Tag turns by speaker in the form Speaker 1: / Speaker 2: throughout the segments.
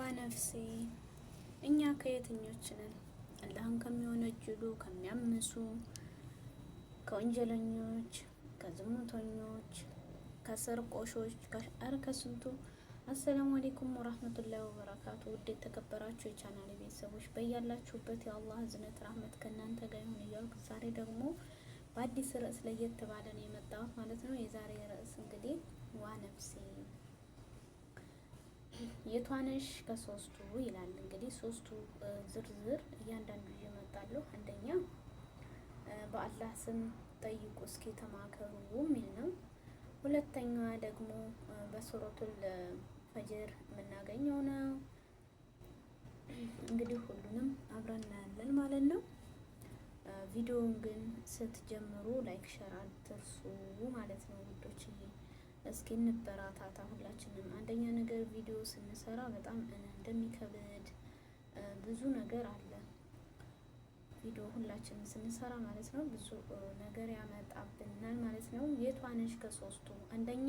Speaker 1: ዋነፍሴ እኛ ከየትኞች ነን? አላህን ከሚወነጅሉ ከሚያምሱ፣ ከወንጀለኞች፣ ከዝሙተኞች፣ ከሰርቆሾች አረ ከስንቱ። አሰላሙ አሌይኩም ወራህመቱላሂ ወበረካቱ። ውድ የተከበራችሁ የቻናል ቤተሰቦች በያላችሁበት የአላህ እዝነት ራህመት ከእናንተ ጋር ይሁን እያልኩ ዛሬ ደግሞ በአዲስ ርዕስ ለየት ባለ ነው የመጣሁት ማለት ነው። የዛሬ ርዕስ እንግዲህ ዋነፍሴ የቷንሽ ከሶስቱ ይላል እንግዲህ ሶስቱ ዝርዝር እያንዳንዱ እየመጣለሁ። አንደኛ በአላህ ስም ጠይቁ እስኪ ተማከሩ የሚል ነው። ሁለተኛዋ ደግሞ በሱረቱል ፈጅር የምናገኘው ነው። እንግዲህ ሁሉንም አብረን እናያለን ማለት ነው። ቪዲዮውን ግን ስትጀምሩ ላይክ ሸር አትርሱ ማለት ነው ውዶች። እስኪ እንበራታታ ሁላችንም። አንደኛ ነገር ቪዲዮ ስንሰራ በጣም እንደሚከብድ ብዙ ነገር አለ። ቪዲዮ ሁላችንም ስንሰራ ማለት ነው ብዙ ነገር ያመጣብናል ማለት ነው። የቷነሽ ከሶስቱ አንደኛ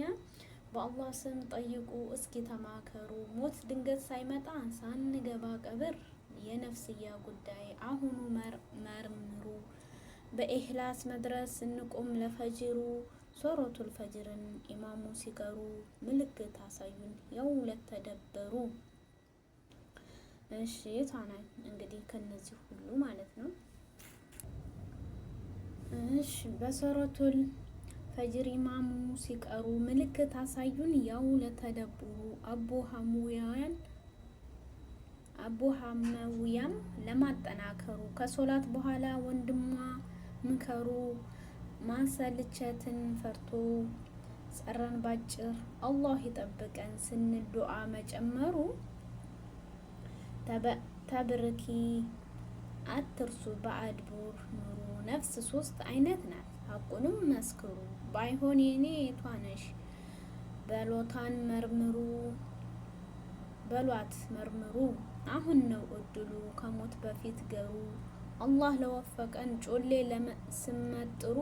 Speaker 1: በአላህ ስም ጠይቁ፣ እስኪ ተማከሩ። ሞት ድንገት ሳይመጣ ሳንገባ ቀብር የነፍስያ ጉዳይ አሁኑ መርምሩ። በኢህላስ መድረስ እንቁም ለፈጅሩ ሶረቱል ፈጅርን ኢማሙ ሲቀሩ ምልክት አሳዩን የውለት ተደበሩ። እሺ የታናል እንግዲህ ከነዚህ ሁሉ ማለት ነው። እሺ በሶረቱል ፈጅር ኢማሙ ሲቀሩ ምልክት አሳዩን ያው ለተደብሩ አቡ ሐሙያን አቡ ሐሙያም ለማጠናከሩ ከሶላት በኋላ ወንድሟ ምከሩ ማሰልቸትን ፈርቶ ጸረን ባጭር አላህ ይጠብቀን ስንል ዱዓ መጨመሩ ተብርኪ አትርሱ በአድ ቡር ኑሩ ነፍስ ሶስት አይነት ናት። ሀቁንም መስክሩ ባይሆን የኔ የቷነሽ በሎታን መርምሩ በሏት መርምሩ አሁን ነው እድሉ ከሞት በፊት ገሩ አላህ ለወፈቀን ጮሌ ለመስመጥሩ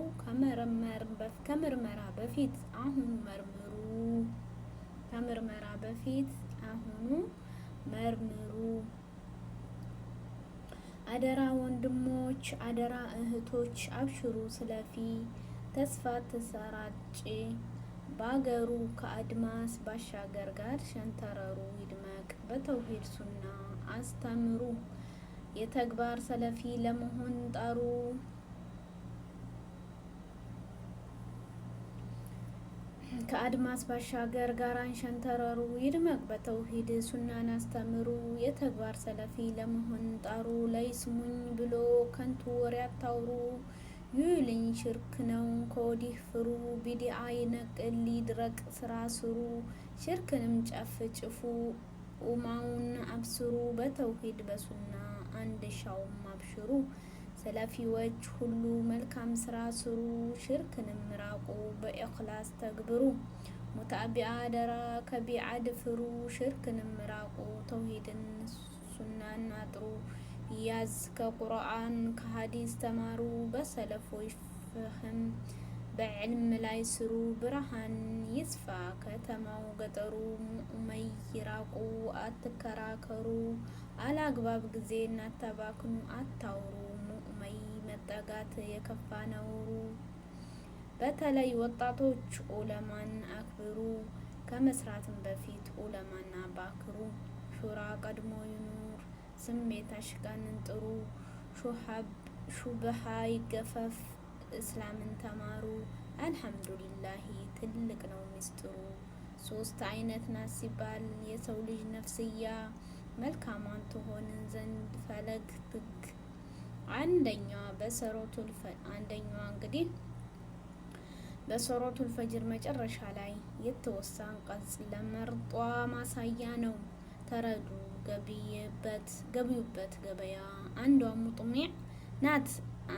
Speaker 1: ከምርመራ በፊት አሁኑ መርምሩ። ከምርመራ በፊት አሁኑ መርምሩ። አደራ ወንድሞች፣ አደራ እህቶች፣ አብሽሩ ስለፊ ተስፋ ተሰራጭ በአገሩ ከአድማስ ባሻገር ጋር ሸንተረሩ ይድመቅ በተውሂድ ሱና አስተምሩ። የተግባር ሰለፊ ለመሆን ጣሩ። ከአድማስ ባሻገር ጋራን ሸንተረሩ ይድመቅ በተውሂድ ሱናን አስተምሩ። የተግባር ሰለፊ ለመሆን ጣሩ። ለይስሙኝ ብሎ ከንቱ ወሬ አታውሩ። ይልኝ ሽርክ ነው ከወዲህ ፍሩ። ቢዲአ ይነቅል ይድረቅ ስራ ስሩ። ሽርክንም ጨፍ ጭፉ ኡማውን አብስሩ። በተውሂድ በሱና አንድ ሻውም አብሽሩ። ሰለፊዎች ሁሉ መልካም ስራ ስሩ፣ ሽርክንም ራቁ፣ በኢኽላስ ተግብሩ። ሙታቢአ አደራ ከቢዓ ፍሩ፣ ሽርክንም ራቁ፣ ተውሂድን ሱናን አጥሩ። ያዝ ከቁርአን ከሀዲስ ተማሩ፣ በሰለፎች ፍህም በዕልም ላይ ስሩ። ብርሃን ይስፋ ከተማው ገጠሩ፣ ሙእመይ ይራቁ፣ አትከራከሩ። አላግባብ ጊዜ እናታባክኑ፣ አታውሩ። ሙእመይ መጠጋት የከፋ ነውሩ። በተለይ ወጣቶች ኦለማን አክብሩ፣ ከመስራትም በፊት ኡለማን አባክሩ። ሹራ ቀድሞ ይኑር፣ ስሜት አሽቀንን ጥሩ። ሹብሃ ይገፈፍ፣ እስላምን ተማሩ። አልሐምዱሊላሂ ትልቅ ነው ሚስጥሩ። ሶስት አይነት ናት ሲባል የሰው ልጅ ነፍስያ መልካማን ትሆንን ዘንድ ፈለግ ትክ አንደኛዋ በሰሮቱል አንደኛዋ እንግዲህ በሰሮቱል ፈጅር መጨረሻ ላይ የተወሳ አንቀጽ ለመርጧ ማሳያ ነው። ተረዱ ገብዩበት ገበያ አንዷ ሙጥሚዕ ናት።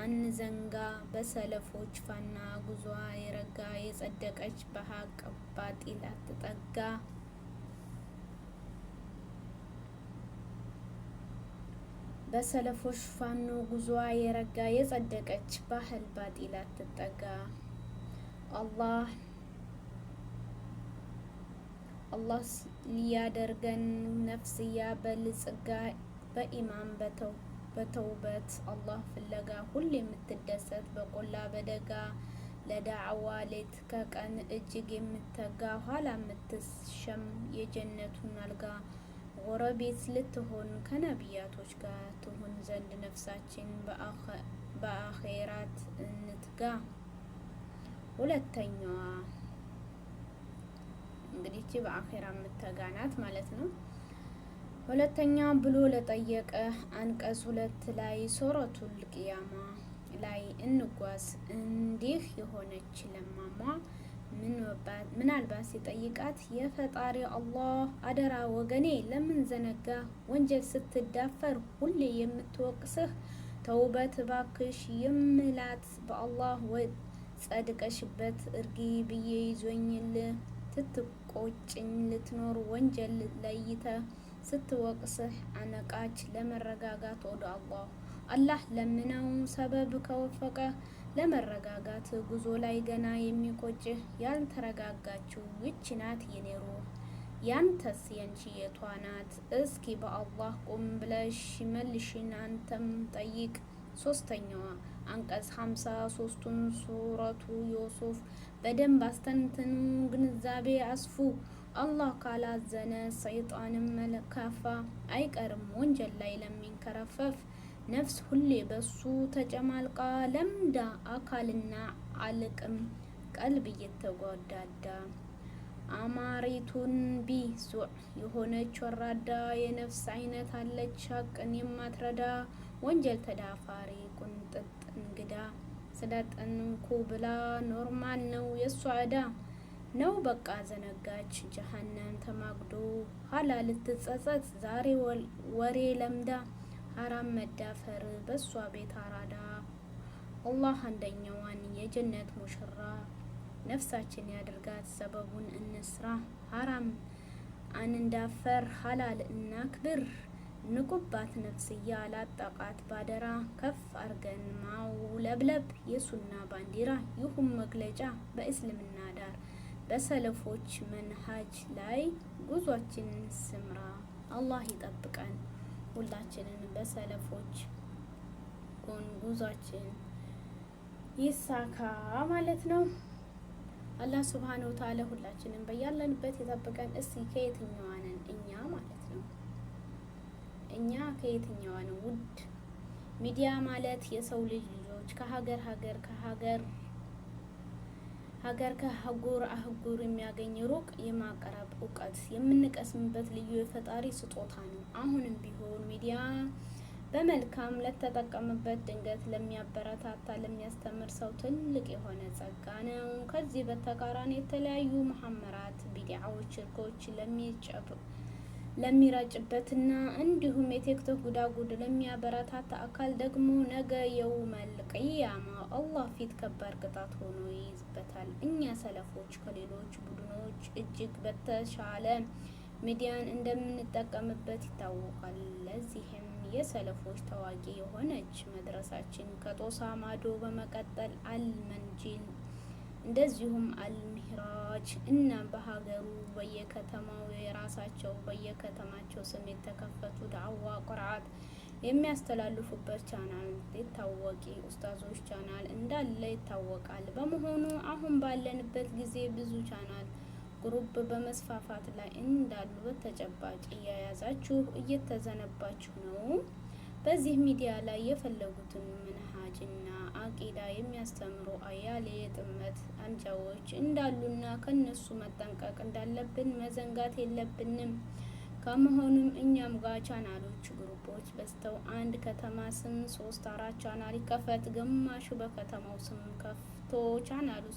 Speaker 1: አንዘንጋ በሰለፎች ፋና ጉዟ የረጋ የጸደቀች በሀቅ ባጢል አትጠጋ። በሰለፎች ፋኖ ጉዞዋ የረጋ የጸደቀች ባህል ባጢላ ትጠጋ። አላህ አላህ ሊያደርገን ነፍስያ በልጽጋ በኢማን በተውበት አላህ ፍለጋ ሁሌ የምትደሰት በቆላ በደጋ ለዳዕዋ ሌት ከቀን እጅግ የምትተጋ ኋላ የምትሸም የጀነቱን አልጋ ጎረቤት ልትሆን ከነቢያቶች ጋር ትሆን ዘንድ ነፍሳችን በአኼራት እንትጋ። ሁለተኛዋ እንግዲህ እቺ በአኼራ የምተጋናት ማለት ነው። ሁለተኛ ብሎ ለጠየቀ አንቀጽ ሁለት ላይ ሶረቱል ቅያማ ላይ እንጓዝ። እንዲህ የሆነች ለማማ ምናልባት ሲጠይቃት የፈጣሪ አላህ አደራ ወገኔ ለምን ዘነጋ ወንጀል ስትዳፈር ሁሌ የምትወቅስህ ተውበት ባክሽ የምላት በአላህ ወጥ እርጊ ብዬ ይዞኝል ትትቆጭኝ ልትኖር ወንጀል ለይተ ስትወቅስህ አነቃች ለመረጋጋት ወደ አላህ አላህ ለምነው ሰበብ ከወፈቀ ለመረጋጋት ጉዞ ላይ ገና የሚቆጭህ ያልተረጋጋችው ይች ናት የኔ ሩህ ያንተስ የንቺ የቷ ናት? እስኪ በአላህ ቁም ብለሽ መልሽን አንተም ጠይቅ። ሶስተኛዋ አንቀጽ ሀምሳ ሶስቱን ሱረቱ ዮሱፍ በደንብ አስተንትኑ፣ ግንዛቤ አስፉ። አላህ ካላዘነ ሰይጣንም መለካፋ አይቀርም ወንጀል ላይ ለሚንከረፈፍ ነፍስ ሁሌ በሱ ተጨማልቃ ለምዳ አካልና አልቅም ቀልብ እየተጓዳዳ አማሪቱን ቢዙዕ የሆነች ወራዳ የነፍስ አይነት አለች ሀቅን የማትረዳ ወንጀል ተዳፋሪ ቁንጥጥ እንግዳ ስላጠንኩ ብላ ኖርማል ነው የእሷ ዕዳ ነው በቃ ዘነጋች ጀሀነም ተማግዶ ኋላ ልትጸጸት ዛሬ ወሬ ለምዳ ሐራም መዳፈር በእሷ ቤት አራዳ አላህ አንደኛዋን የጀነት ሙሽራ ነፍሳችን ያድርጋት ሰበቡን እንስራ ሀራም አንዳፈር ሀላል እና ክብር ንቁባት ነፍስያ ላጠቃት ባደራ ከፍ አርገን ማውለብለብ የሱና ባንዲራ ይሁን መግለጫ በእስልምና ዳር በሰለፎች መንሃጅ ላይ ጉዟችን ስምራ። አላህ ይጠብቀን። ሁላችንን በሰለፎች ጎን ጉዟችን ይሳካ ማለት ነው። አላህ ስብሐነ ወተዓላ ሁላችንን በያለንበት የጠበቀን። እስቲ ከየትኛዋ ነን እኛ ማለት ነው? እኛ ከየትኛዋ ነው? ውድ ሚዲያ ማለት የሰው ልጅ ልጆች ከሀገር ሀገር ከሀገር ሀገር ከአህጉር አህጉር የሚያገኝ ሩቅ የማቀረብ እውቀት የምንቀስምበት ልዩ የፈጣሪ ስጦታ ነው። አሁንም ቢሆን ሚዲያ በመልካም ለተጠቀምበት ድንገት ለሚያበረታታ፣ ለሚያስተምር ሰው ትልቅ የሆነ ጸጋ ነው። ከዚህ በተቃራኒ የተለያዩ መሐመራት፣ ቢዲያዎች፣ ሽርኮች ለሚጨብ ለሚራጭበትና እንዲሁም የቲክቶክ ጉዳጉድ ለሚያበረታታ አካል ደግሞ ነገ የውመል ቅያማ አላህ ፊት ከባድ ቅጣት ሆኖ ይይዝበታል። እኛ ሰለፎች ከሌሎች ቡድኖች እጅግ በተሻለ ሚዲያን እንደምንጠቀምበት ይታወቃል። ለዚህም የሰለፎች ታዋቂ የሆነች መድረሳችን ከጦሳ ማዶ በመቀጠል አልመንጂን እንደዚሁም አልሚራጅ እና በሀገሩ በየከተማው የራሳቸው በየከተማቸው ስም የተከፈቱ ዳዕዋ ቁርአት የሚያስተላልፉበት ቻናል የታወቂ ኡስታዞች ቻናል እንዳለ ይታወቃል። በመሆኑ አሁን ባለንበት ጊዜ ብዙ ቻናል ግሩፕ በመስፋፋት ላይ እንዳሉ በተጨባጭ እየያዛችሁ እየተዘነባችሁ ነው። በዚህ ሚዲያ ላይ የፈለጉትን ምን አማላጅና አቂዳ የሚያስተምሩ አያሌ የጥመት አንጃዎች እንዳሉና ከነሱ መጠንቀቅ እንዳለብን መዘንጋት የለብንም። ከመሆኑም እኛም ጋር ቻናሎች፣ ግሩፖች በዝተው አንድ ከተማ ስም ሶስት አራት ቻናል ይከፈት። ግማሹ በከተማው ስም ከፍቶ ቻናሉ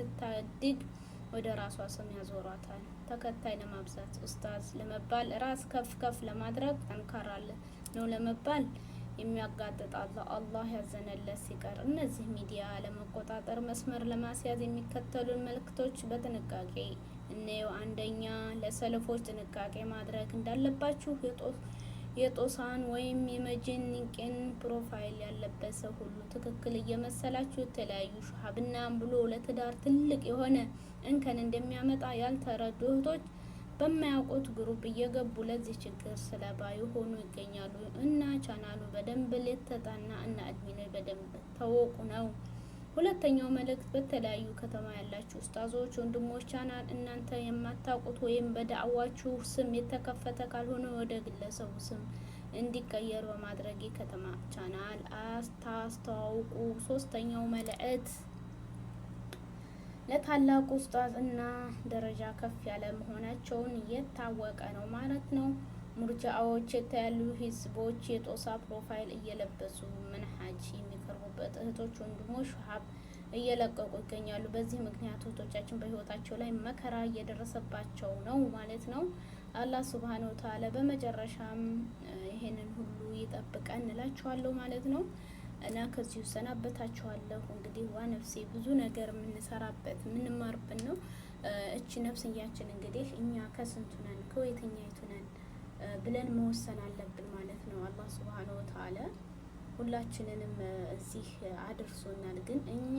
Speaker 1: ስታድግ ወደ ራሷ ስም ያዞሯታል። ተከታይ ለማብዛት ኡስታዝ ለመባል ራስ ከፍ ከፍ ለማድረግ ጠንካራ ነው ለመባል የሚያጋጥጣለ አላህ ያዘነለት ሲቀር እነዚህ ሚዲያ ለመቆጣጠር መስመር ለማስያዝ የሚከተሉን መልእክቶች በጥንቃቄ እነየው። አንደኛ ለሰልፎች ጥንቃቄ ማድረግ እንዳለባችሁ የጦሳን ወይም የመጀንቅን ፕሮፋይል ያለበት ሰው ሁሉ ትክክል እየመሰላችሁ የተለያዩ ሹሀብናም ብሎ ለትዳር ትልቅ የሆነ እንከን እንደሚያመጣ ያልተረዱ እህቶች በማያውቁት ግሩፕ እየገቡ ለዚህ ችግር ስለባዩ ሆኑ ይገኛሉ እና ቻናሉ በደንብ ልትጠና እና እድሜ ላይ በደንብ ታወቁ ነው። ሁለተኛው መልእክት በተለያዩ ከተማ ያላችሁ ኡስታዞች፣ ወንድሞች ቻናል እናንተ የማታውቁት ወይም በዳዕዋችሁ ስም የተከፈተ ካልሆነ ወደ ግለሰቡ ስም እንዲቀየር በማድረግ የከተማ ቻናል አስታስተዋውቁ። ሶስተኛው መልእክት ለታላቁ ኡስታዝ እና ደረጃ ከፍ ያለ መሆናቸውን የታወቀ ነው ማለት ነው። ሙርጃዎች የተያሉ ህዝቦች የጦሳ ፕሮፋይል እየለበሱ መንሀጅ የሚቀርቡበት እህቶች፣ ወንድሞች ሸሀብ እየለቀቁ ይገኛሉ። በዚህ ምክንያት እህቶቻችን በህይወታቸው ላይ መከራ እየደረሰባቸው ነው ማለት ነው። አላህ ሱብሃነሁ ወተዓላ በመጨረሻም ይህንን ሁሉ ይጠብቀን እንላችኋለሁ ማለት ነው። እና ከዚሁ እሰናበታችኋለሁ። እንግዲህ ዋ ነፍሴ ብዙ ነገር የምንሰራበት የምንማርበት ነው። እቺ ነፍስያችን እንግዲህ እኛ ከስንቱ ነን ከየትኛይቱ ነን ብለን መወሰን አለብን ማለት ነው። አላህ ሱብሃነሁ ወተዓላ ሁላችንንም እዚህ አድርሶናል። ግን እኛ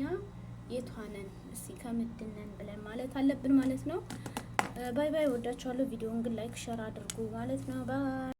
Speaker 1: የቷነን ነን ከምድነን ብለን ማለት አለብን ማለት ነው። ባይ ባይ። ወዳችኋለሁ። ቪዲዮውን ግን ላይክ ሸር አድርጉ ማለት ነው። ባይ